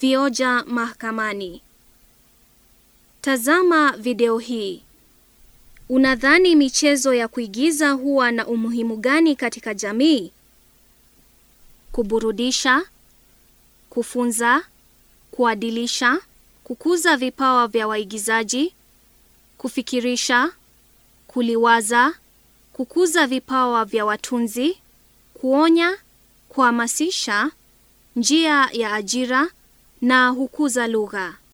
Vioja mahakamani. Tazama video hii. Unadhani michezo ya kuigiza huwa na umuhimu gani katika jamii? Kuburudisha, kufunza, kuadilisha, kukuza vipawa vya waigizaji, kufikirisha, kuliwaza, kukuza vipawa vya watunzi, kuonya, kuhamasisha, njia ya ajira na hukuza lugha.